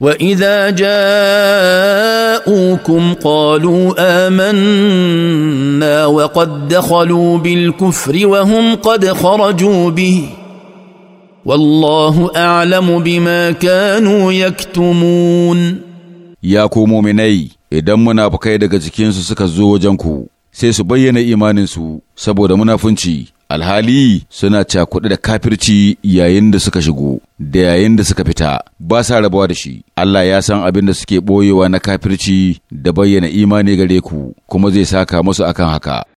واذا جاءوكم قالوا امنا وقد دخلوا بالكفر وهم قد خرجوا به والله اعلم بما كانوا يكتمون يا مؤمني idan munafukai daga cikinsu suka zo wajenku sai su bayyana imaninsu saboda munafunci alhali suna cakuɗe da kafirci yayin da suka shigo da yayin da suka fita ba sa rabuwa da shi Allah ya san abin da suke ɓoyewa na kafirci da bayyana imani gare ku kuma zai saka musu akan haka